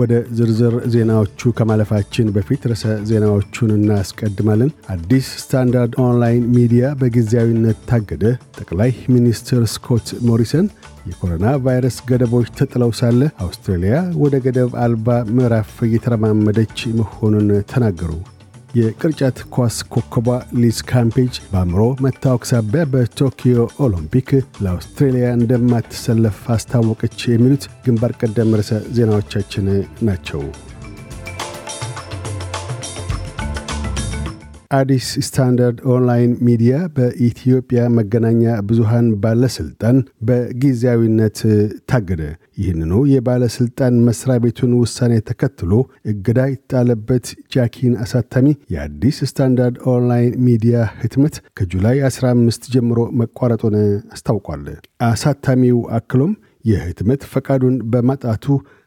ወደ ዝርዝር ዜናዎቹ ከማለፋችን በፊት ርዕሰ ዜናዎቹን እናስቀድማለን። አዲስ ስታንዳርድ ኦንላይን ሚዲያ በጊዜያዊነት ታገደ። ጠቅላይ ሚኒስትር ስኮት ሞሪሰን የኮሮና ቫይረስ ገደቦች ተጥለው ሳለ አውስትራሊያ ወደ ገደብ አልባ ምዕራፍ እየተረማመደች መሆኑን ተናገሩ። የቅርጫት ኳስ ኮከቧ ሊዝ ካምፔጅ በአእምሮ መታወክ ሳቢያ በቶኪዮ ኦሎምፒክ ለአውስትሬልያ እንደማትሰለፍ አስታወቀች። የሚሉት ግንባር ቀደም ርዕሰ ዜናዎቻችን ናቸው። አዲስ ስታንዳርድ ኦንላይን ሚዲያ በኢትዮጵያ መገናኛ ብዙሃን ባለስልጣን በጊዜያዊነት ታገደ። ይህንኑ የባለስልጣን መስሪያ ቤቱን ውሳኔ ተከትሎ እገዳ የተጣለበት ጃኪን አሳታሚ የአዲስ ስታንዳርድ ኦንላይን ሚዲያ ህትመት ከጁላይ 15 ጀምሮ መቋረጡን አስታውቋል። አሳታሚው አክሎም የህትመት ፈቃዱን በማጣቱ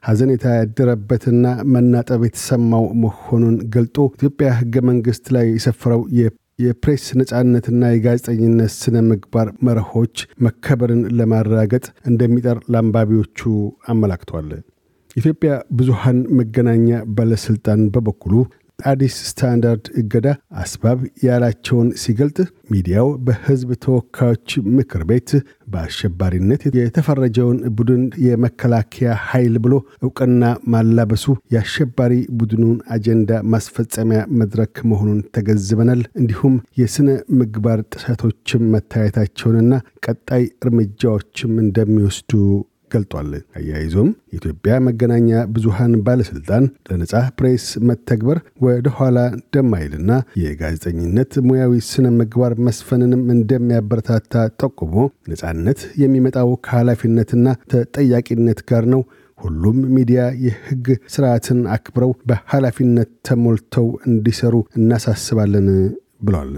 ሐዘኔታ ያደረበትና መናጠብ የተሰማው መሆኑን ገልጦ ኢትዮጵያ ህገ መንግስት ላይ የሰፈረው የፕሬስ ነጻነትና የጋዜጠኝነት ስነ ምግባር መርሆች መከበርን ለማረጋገጥ እንደሚጠር ለአንባቢዎቹ አመላክቷል። ኢትዮጵያ ብዙሃን መገናኛ ባለሥልጣን በበኩሉ አዲስ ስታንዳርድ እገዳ አስባብ ያላቸውን ሲገልጥ ሚዲያው በሕዝብ ተወካዮች ምክር ቤት በአሸባሪነት የተፈረጀውን ቡድን የመከላከያ ኃይል ብሎ እውቅና ማላበሱ የአሸባሪ ቡድኑን አጀንዳ ማስፈጸሚያ መድረክ መሆኑን ተገዝበናል። እንዲሁም የሥነ ምግባር ጥሰቶችም መታየታቸውንና ቀጣይ እርምጃዎችም እንደሚወስዱ ገልጧል። አያይዞም የኢትዮጵያ መገናኛ ብዙሃን ባለስልጣን ለነጻ ፕሬስ መተግበር ወደ ኋላ እንደማይልና የጋዜጠኝነት ሙያዊ ስነ ምግባር መስፈንንም እንደሚያበረታታ ጠቁሞ ነጻነት የሚመጣው ከኃላፊነትና ተጠያቂነት ጋር ነው። ሁሉም ሚዲያ የሕግ ስርዓትን አክብረው በኃላፊነት ተሞልተው እንዲሰሩ እናሳስባለን ብሏል።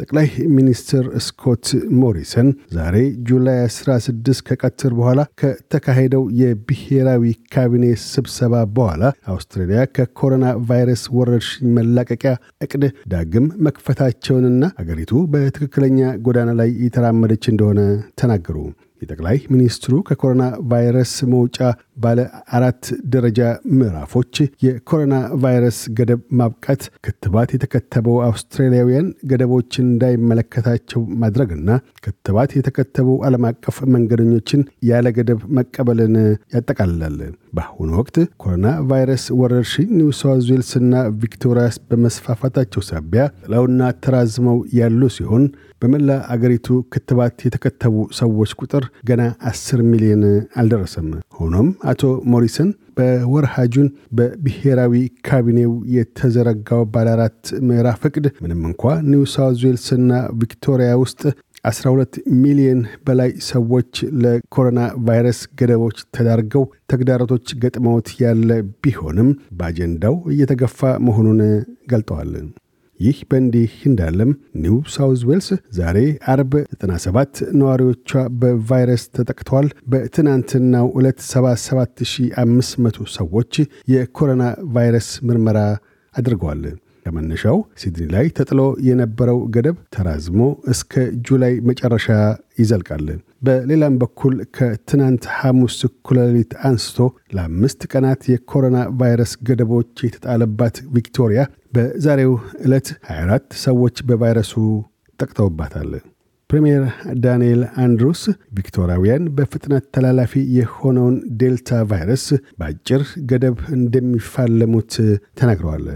ጠቅላይ ሚኒስትር ስኮት ሞሪሰን ዛሬ ጁላይ 16 ከቀትር በኋላ ከተካሄደው የብሔራዊ ካቢኔ ስብሰባ በኋላ አውስትራሊያ ከኮሮና ቫይረስ ወረርሽኝ መላቀቂያ እቅድ ዳግም መክፈታቸውንና አገሪቱ በትክክለኛ ጎዳና ላይ የተራመደች እንደሆነ ተናገሩ። የጠቅላይ ሚኒስትሩ ከኮሮና ቫይረስ መውጫ ባለ አራት ደረጃ ምዕራፎች፣ የኮሮና ቫይረስ ገደብ ማብቃት፣ ክትባት የተከተበው አውስትራሊያውያን ገደቦች እንዳይመለከታቸው ማድረግና ክትባት የተከተቡ ዓለም አቀፍ መንገደኞችን ያለ ገደብ መቀበልን ያጠቃልላል። በአሁኑ ወቅት ኮሮና ቫይረስ ወረርሽኝ ኒው ዌልስ ና ቪክቶሪያስ በመስፋፋታቸው ሳቢያ ጥለውና ተራዝመው ያሉ ሲሆን በመላ አገሪቱ ክትባት የተከተቡ ሰዎች ቁጥር ገና 10 ሚሊዮን አልደረሰም። ሆኖም አቶ ሞሪሰን በወርሃጁን በብሔራዊ ካቢኔው የተዘረጋው ባለአራት ምዕራፍ እቅድ ምንም እንኳ ኒው ዌልስ ና ቪክቶሪያ ውስጥ 12 ሚሊዮን በላይ ሰዎች ለኮሮና ቫይረስ ገደቦች ተዳርገው ተግዳሮቶች ገጥመውት ያለ ቢሆንም በአጀንዳው እየተገፋ መሆኑን ገልጠዋል። ይህ በእንዲህ እንዳለም ኒው ሳውዝ ዌልስ ዛሬ አርብ 97 ነዋሪዎቿ በቫይረስ ተጠቅተዋል። በትናንትናው ዕለት 77500 ሰዎች የኮሮና ቫይረስ ምርመራ አድርገዋል። ከመነሻው ሲድኒ ላይ ተጥሎ የነበረው ገደብ ተራዝሞ እስከ ጁላይ መጨረሻ ይዘልቃል። በሌላም በኩል ከትናንት ሐሙስ ኩለሊት አንስቶ ለአምስት ቀናት የኮሮና ቫይረስ ገደቦች የተጣለባት ቪክቶሪያ በዛሬው ዕለት 24 ሰዎች በቫይረሱ ጠቅተውባታል። ፕሪምየር ዳንኤል አንድሩስ ቪክቶሪያውያን በፍጥነት ተላላፊ የሆነውን ዴልታ ቫይረስ በአጭር ገደብ እንደሚፋለሙት ተናግረዋል።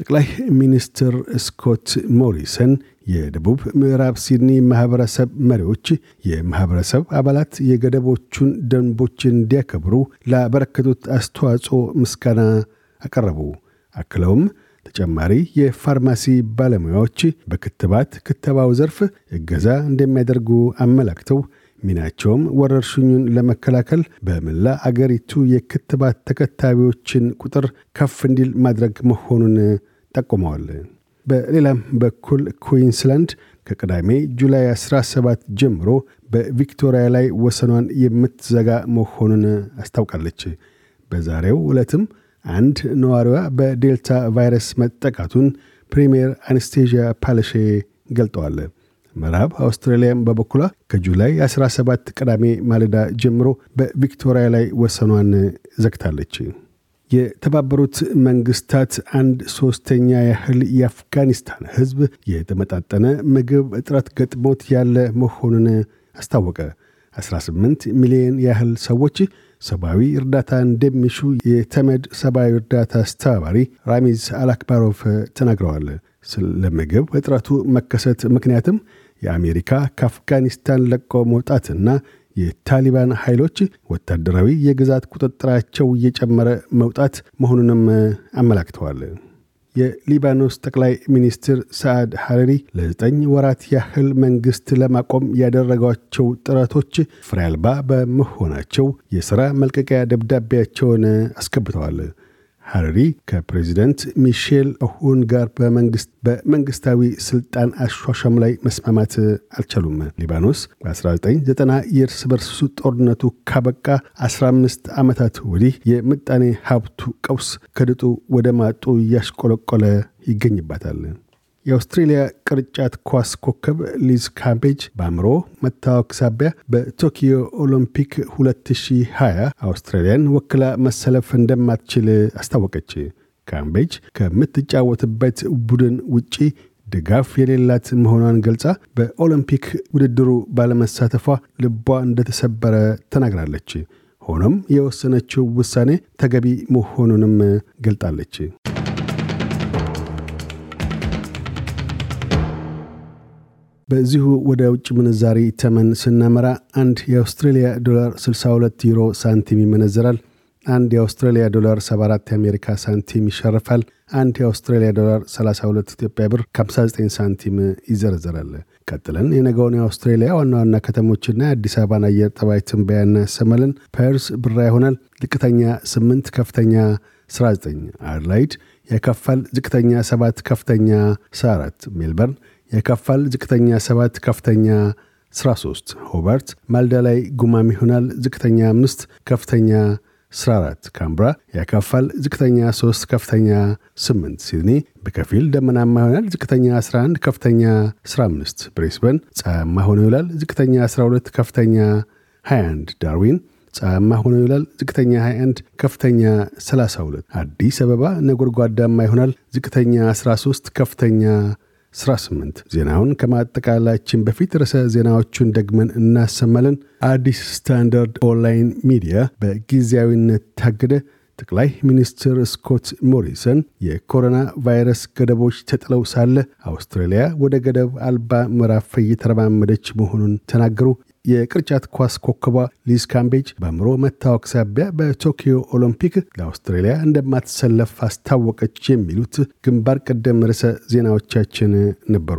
ጠቅላይ ሚኒስትር ስኮት ሞሪሰን የደቡብ ምዕራብ ሲድኒ ማኅበረሰብ መሪዎች የማኅበረሰብ አባላት የገደቦቹን ደንቦች እንዲያከብሩ ላበረከቱት አስተዋጽኦ ምስጋና አቀረቡ። አክለውም ተጨማሪ የፋርማሲ ባለሙያዎች በክትባት ክትባው ዘርፍ እገዛ እንደሚያደርጉ አመላክተው ሚናቸውም ወረርሽኙን ለመከላከል በመላ አገሪቱ የክትባት ተከታቢዎችን ቁጥር ከፍ እንዲል ማድረግ መሆኑን ጠቁመዋል። በሌላም በኩል ኩዊንስላንድ ከቅዳሜ ጁላይ 17 ጀምሮ በቪክቶሪያ ላይ ወሰኗን የምትዘጋ መሆኑን አስታውቃለች። በዛሬው ዕለትም አንድ ነዋሪዋ በዴልታ ቫይረስ መጠቃቱን ፕሪምየር አንስቴዥያ ፓለሼ ገልጠዋል። ምዕራብ አውስትራሊያም በበኩሏ ከጁላይ 17 ቅዳሜ ማለዳ ጀምሮ በቪክቶሪያ ላይ ወሰኗን ዘግታለች። የተባበሩት መንግስታት አንድ ሶስተኛ ያህል የአፍጋኒስታን ህዝብ የተመጣጠነ ምግብ እጥረት ገጥሞት ያለ መሆኑን አስታወቀ። 18 ሚሊዮን ያህል ሰዎች ሰብአዊ እርዳታ እንደሚሹ የተመድ ሰብአዊ እርዳታ አስተባባሪ ራሚዝ አላክባሮቭ ተናግረዋል። ስለ ምግብ እጥረቱ መከሰት ምክንያትም የአሜሪካ ከአፍጋኒስታን ለቆ መውጣትና የታሊባን ኃይሎች ወታደራዊ የግዛት ቁጥጥራቸው እየጨመረ መውጣት መሆኑንም አመላክተዋል። የሊባኖስ ጠቅላይ ሚኒስትር ሰዓድ ሐሪሪ ለዘጠኝ ወራት ያህል መንግስት ለማቆም ያደረጓቸው ጥረቶች ፍሬ አልባ በመሆናቸው የሥራ መልቀቂያ ደብዳቤያቸውን አስገብተዋል። ሐረሪ ከፕሬዚደንት ሚሼል ኦሁን ጋር በመንግስታዊ ስልጣን አሿሿም ላይ መስማማት አልቻሉም። ሊባኖስ በ1990 የእርስ በርስ ጦርነቱ ካበቃ 15 ዓመታት ወዲህ የምጣኔ ሀብቱ ቀውስ ከድጡ ወደ ማጡ እያሽቆለቆለ ይገኝባታል። የአውስትሬሊያ ቅርጫት ኳስ ኮከብ ሊዝ ካምቤጅ በአእምሮ መታወክ ሳቢያ በቶኪዮ ኦሎምፒክ 2020 አውስትራሊያን ወክላ መሰለፍ እንደማትችል አስታወቀች። ካምቤጅ ከምትጫወትበት ቡድን ውጪ ድጋፍ የሌላት መሆኗን ገልጻ በኦሎምፒክ ውድድሩ ባለመሳተፏ ልቧ እንደተሰበረ ተናግራለች። ሆኖም የወሰነችው ውሳኔ ተገቢ መሆኑንም ገልጣለች። በዚሁ ወደ ውጭ ምንዛሪ ተመን ስናመራ አንድ የአውስትሬልያ ዶላር 62 ዩሮ ሳንቲም ይመነዘራል። አንድ የአውስትራሊያ ዶላር 74 የአሜሪካ ሳንቲም ይሸርፋል። አንድ የአውስትራሊያ ዶላር 32 ኢትዮጵያ ብር ከ59 ሳንቲም ይዘረዘራል። ቀጥለን የነገውን የአውስትሬሊያ ዋና ዋና ከተሞችና የአዲስ አበባን አየር ጠባይ ትንበያ እናሰማለን። ፐርስ ብራ ይሆናል። ዝቅተኛ 8፣ ከፍተኛ 19። አድላይድ የከፋል። ዝቅተኛ 7፣ ከፍተኛ 14። ሜልበርን የከፋል ዝቅተኛ ሰባት ከፍተኛ 3 ሆበርት ማልዳ ላይ ጉማም ይሆናል። ዝቅተኛ አምስት ከፍተኛ 1ስ4 ካምብራ ያካፋል። ዝቅተኛ 3 ከፍተኛ 8 ሲድኒ በከፊል ደመናማ ይሆናል። ዝቅተኛ 11 ከፍተኛ 1ስ5 ብሬስበን ፀሐያማ ሆኖ ይውላል። ዝቅተኛ 12 ከፍተኛ 21 ዳርዊን ፀሐያማ ሆኖ ይውላል። ዝቅተኛ 21 ከፍተኛ 32 አዲስ አበባ ነጎድጓዳማ ይሆናል። ዝቅተኛ 13 ከፍተኛ ስራ 8 ዜናውን ከማጠቃላችን በፊት ርዕሰ ዜናዎቹን ደግመን እናሰማለን። አዲስ ስታንዳርድ ኦንላይን ሚዲያ በጊዜያዊነት ታገደ። ጠቅላይ ሚኒስትር ስኮት ሞሪሰን የኮሮና ቫይረስ ገደቦች ተጥለው ሳለ አውስትራሊያ ወደ ገደብ አልባ ምዕራፍ እየተረማመደች መሆኑን ተናገሩ። የቅርጫት ኳስ ኮከቧ ሊዝ ካምቤጅ በምሮ መታወክ ሳቢያ በቶኪዮ ኦሎምፒክ ለአውስትራሊያ እንደማትሰለፍ አስታወቀች የሚሉት ግንባር ቀደም ርዕሰ ዜናዎቻችን ነበሩ።